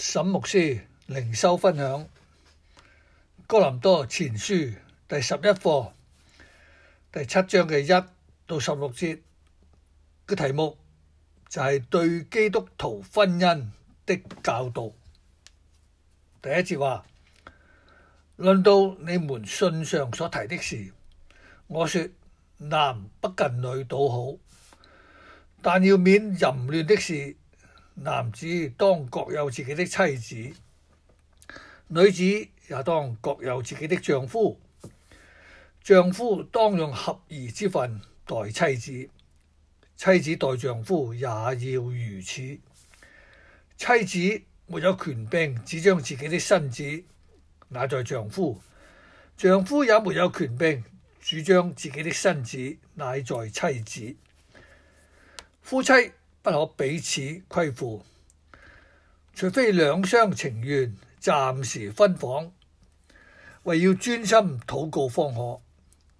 沈牧師靈修分享《哥林多前書》第十一課第七章嘅一到十六節嘅題目就係對基督徒婚姻的教導。第一節話：論到你們信上所提的事，我說男不近女倒好，但要免淫亂的事。男子當各有自己的妻子，女子也當各有自己的丈夫。丈夫當用合宜之分待妻子，妻子待丈夫也要如此。妻子沒有權柄，主張自己的身子乃在丈夫；丈夫也沒有權柄，主張自己的身子乃在妻子。夫妻，不可彼此虧負，除非兩相情願，暫時分房，為要專心禱告方可。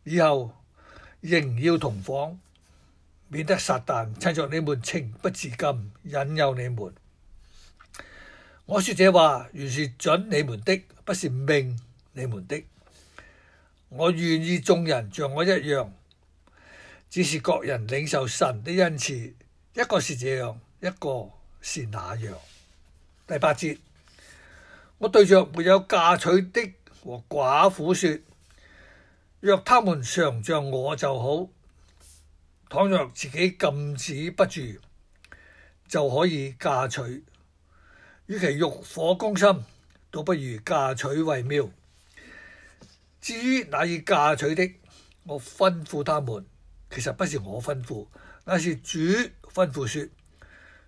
以後仍要同房，免得撒旦趁着你們情不自禁，引誘你們。我說這話，原是准你們的，不是命你們的。我願意眾人像我一樣，只是各人領受神的恩賜。一個是這樣，一個是那樣。第八節，我對着沒有嫁娶的和寡婦說：若他們常像我就好；倘若自己禁止不住，就可以嫁娶。與其慾火攻心，倒不如嫁娶為妙。至於那已嫁娶的，我吩咐他們，其實不是我吩咐，那是主。吩咐說：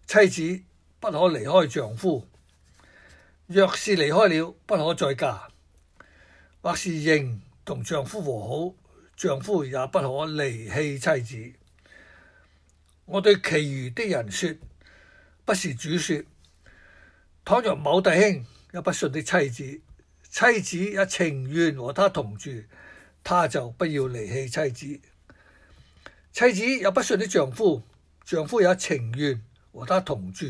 妻子不可離開丈夫，若是離開了，不可再嫁；或是仍同丈夫和好，丈夫也不可離棄妻子。我對其餘的人說：不是主說，倘若某弟兄有不信的妻子，妻子也情願和他同住，他就不要離棄妻子；妻子有不信的丈夫。丈夫也情願和他同住，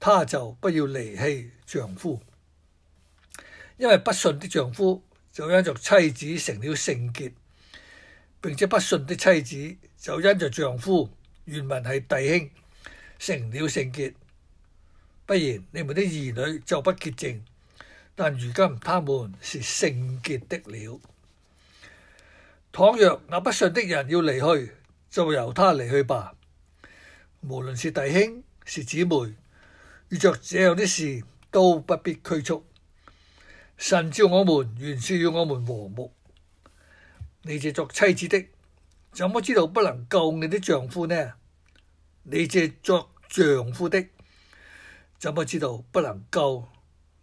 她就不要離棄丈夫，因為不信的丈夫就因着妻子成了聖潔，並且不信的妻子就因着丈夫，原文係弟兄成了聖潔。不然你們的兒女就不潔淨，但如今他們是聖潔的了。倘若那不信的人要離去，就由他離去吧。無論是弟兄是姊妹，遇着這樣的事都不必拘束。神召我們，原是要我們和睦。你這作妻子的，怎麼知道不能救你的丈夫呢？你這作丈夫的，怎麼知道不能救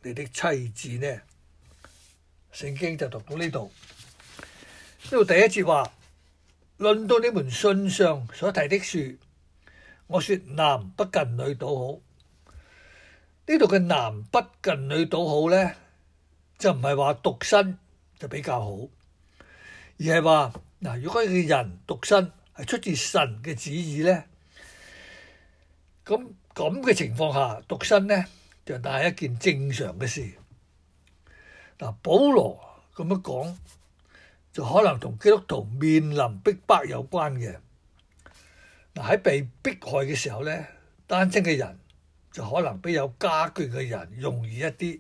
你的妻子呢？聖經就讀到呢度，呢度第一節話，論到你們信上所提的事。我說男不近女倒好，呢度嘅男不近女倒好咧，就唔係話獨身就比較好，而係話嗱，如果一個人獨身係出自神嘅旨意咧，咁咁嘅情況下獨身咧就但係一件正常嘅事。嗱，保羅咁樣講就可能同基督徒面臨逼迫有關嘅。喺被迫害嘅時候呢，單親嘅人就可能比有家眷嘅人容易一啲，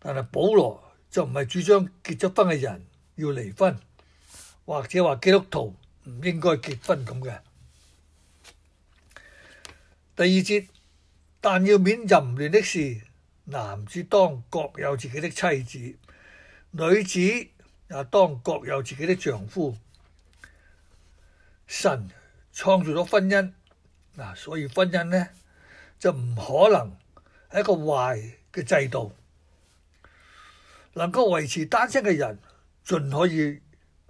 但係保羅就唔係主張結咗婚嘅人要離婚，或者話基督徒唔應該結婚咁嘅。第二節，但要免淫亂的事，男子當各有自己的妻子，女子也當各有自己的丈夫。神創造咗婚姻，嗱、啊，所以婚姻呢就唔可能係一個壞嘅制度，能夠維持單身嘅人盡可以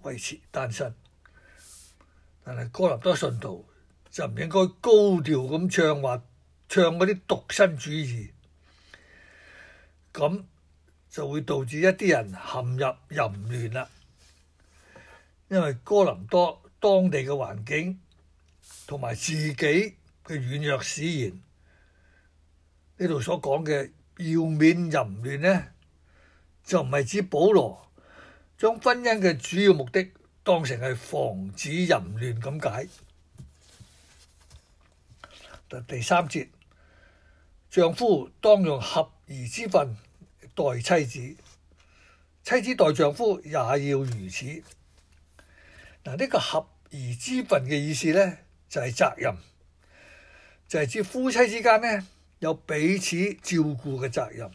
維持單身，但係哥林多信徒就唔應該高調咁唱話唱嗰啲獨身主義，咁就會導致一啲人陷入淫亂啦，因為哥林多當地嘅環境同埋自己嘅軟弱使然，呢度所講嘅要免淫亂呢，就唔係指保羅將婚姻嘅主要目的當成係防止淫亂咁解。第三節，丈夫當用合宜之分待妻子，妻子待丈夫也要如此。嗱，呢個合而之分嘅意思咧，就係、是、責任，就係、是、指夫妻之間呢，有彼此照顧嘅責任。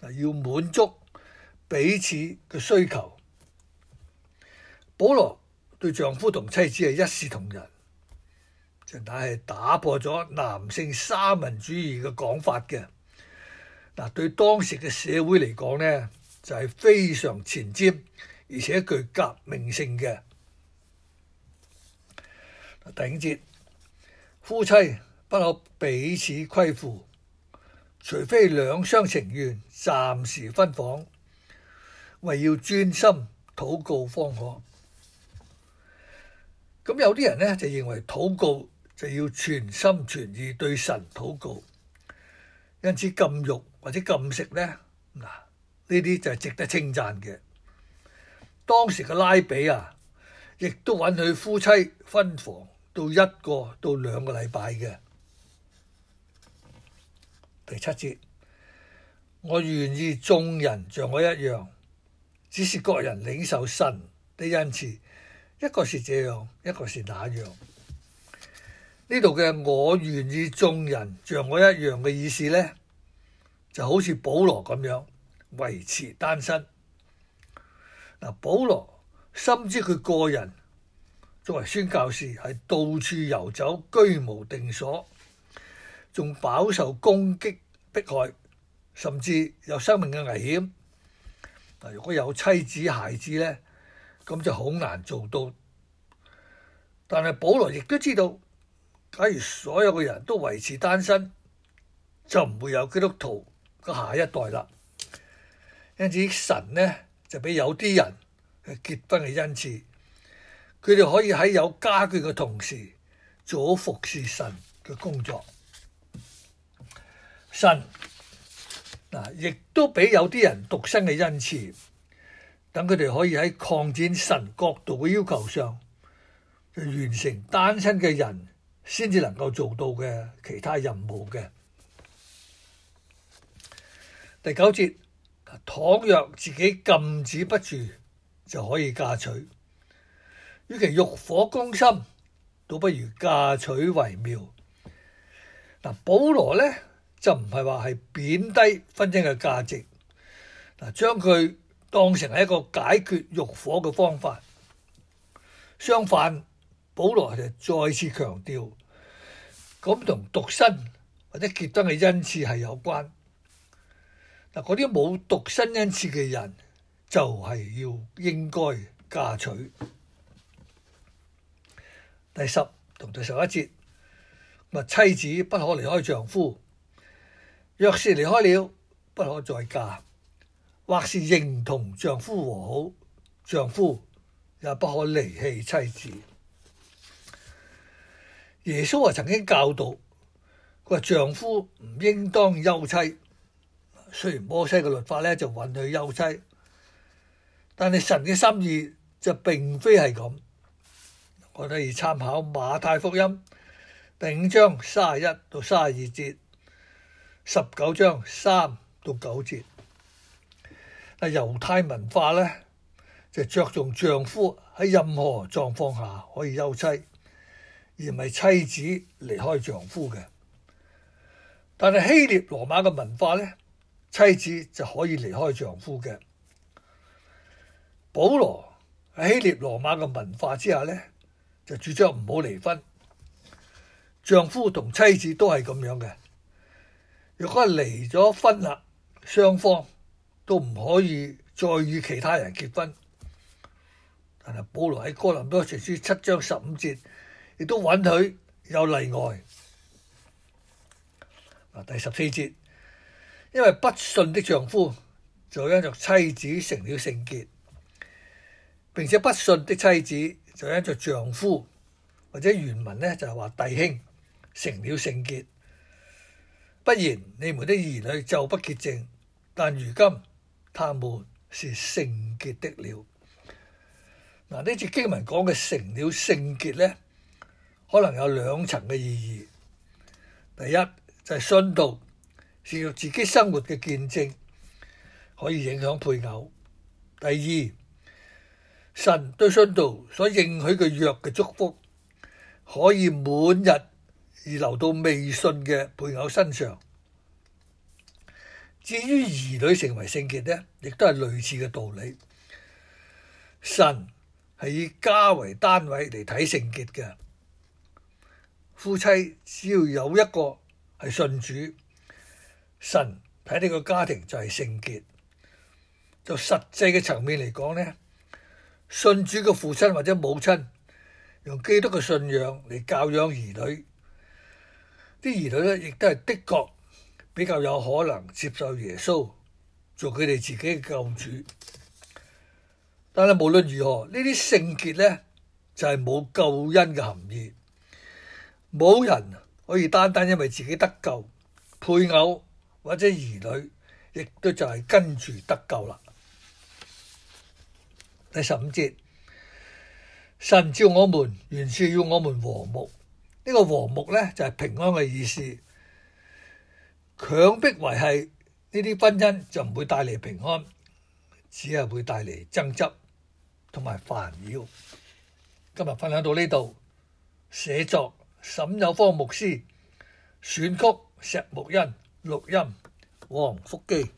嗱，要滿足彼此嘅需求。保羅對丈夫同妻子係一視同仁，即係打打破咗男性沙文主義嘅講法嘅。嗱，對當時嘅社會嚟講咧，就係、是、非常前瞻，而且具革命性嘅。第五節，夫妻不可彼此虧負，除非兩廂情願，暫時分房，唯要專心禱告方可。咁有啲人呢，就認為禱告就要全心全意對神禱告，因此禁欲或者禁食呢，嗱呢啲就係值得稱讚嘅。當時嘅拉比啊，亦都允許夫妻分房。到一個到兩個禮拜嘅。第七節，我願意眾人像我一樣，只是各人領受神的恩賜，一個是這樣，一個是那樣。呢度嘅我願意眾人像我一樣嘅意思呢，就好似保羅咁樣維持單身。嗱，保羅深知佢個人。作為宣教士，係到處遊走，居無定所，仲飽受攻擊迫害，甚至有生命嘅危險。嗱，如果有妻子孩子咧，咁就好難做到。但係保羅亦都知道，假如所有嘅人都維持單身，就唔會有基督徒嘅下一代啦。因此神呢就俾有啲人去結婚嘅恩賜。佢哋可以喺有家具嘅同時，做好服侍神嘅工作。神嗱，亦都俾有啲人獨身嘅恩賜，等佢哋可以喺擴展神角度嘅要求上，完成單身嘅人先至能夠做到嘅其他任務嘅。第九節，倘若自己禁止不住，就可以嫁娶。與其欲火攻心，倒不如嫁娶為妙。嗱，保羅咧就唔係話係貶低婚姻嘅價值，嗱將佢當成係一個解決欲火嘅方法。相反，保羅就再次強調，咁同獨身或者結婚嘅恩賜係有關。嗱，嗰啲冇獨身恩賜嘅人就係要應該嫁娶。第十同第十一節，話，妻子不可離開丈夫，若是離開了，不可再嫁；或是認同丈夫和好，丈夫也不可離棄妻子。耶穌啊，曾經教導佢話：丈夫唔應當休妻。雖然摩西嘅律法咧就允許休妻，但係神嘅心意就並非係咁。我哋要參考《馬太福音》第五章三十一到三十二節，十九章三到九節。啊，猶太文化咧就着重丈夫喺任何狀況下可以休妻，而唔係妻子離開丈夫嘅。但係希臘羅馬嘅文化咧，妻子就可以離開丈夫嘅。保羅喺希臘羅馬嘅文化之下咧，就主張唔好離婚，丈夫同妻子都係咁樣嘅。若果離咗婚啦，雙方都唔可以再與其他人結婚。但係保羅喺哥林多前書七章十五節亦都允許有例外。第十四節，因為不信的丈夫就因着妻子成了聖潔，並且不信的妻子。就因着丈夫或者原文咧就係、是、話弟兄成了聖潔，不然你們的兒女就不潔淨。但如今他們是聖潔的了。嗱、啊，呢次經文講嘅成了聖潔咧，可能有兩層嘅意義。第一就係、是、信道，是用自己生活嘅見證，可以影響配偶。第二。神對信徒所應許嘅約嘅祝福，可以滿日而流到未信嘅配偶身上。至於兒女成為聖潔呢，亦都係類似嘅道理。神係以家為單位嚟睇聖潔嘅夫妻，只要有一個係信主，神喺呢個家庭就係聖潔。就實際嘅層面嚟講呢，信主嘅父親或者母親，用基督嘅信仰嚟教養兒女，啲兒女呢，亦都係的確比較有可能接受耶穌做佢哋自己嘅救主。但係無論如何，呢啲聖潔呢，就係冇救恩嘅含義，冇人可以單單因為自己得救，配偶或者兒女亦都就係跟住得救啦。第十五節，神召我們，原是要我們和睦。呢、這個和睦呢，就係、是、平安嘅意思。強迫維繫呢啲婚姻就唔會帶嚟平安，只係會帶嚟爭執同埋煩擾。今日分享到呢度，寫作沈有芳牧師，選曲石木恩，錄音黃福基。